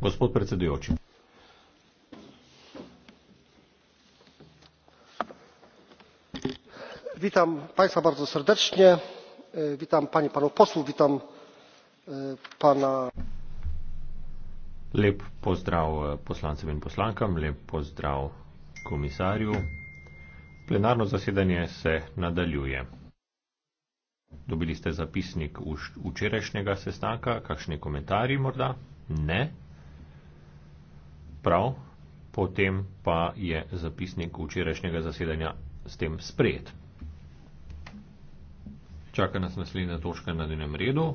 gospod predsedujoči witam państwa bardzo serdecznie witam panie i panów posłów witam e, pana. lep pozdrav e, poslancem in poslankam lep pozdrav komisarju plenarno zasedanje se nadaljuje. Dobili ste zapisnik včerajšnjega sestanka, kakšni komentarji morda? Ne. Prav, potem pa je zapisnik včerajšnjega zasedanja s tem sprejet. Čaka nas naslednja točka na dnevnem redu.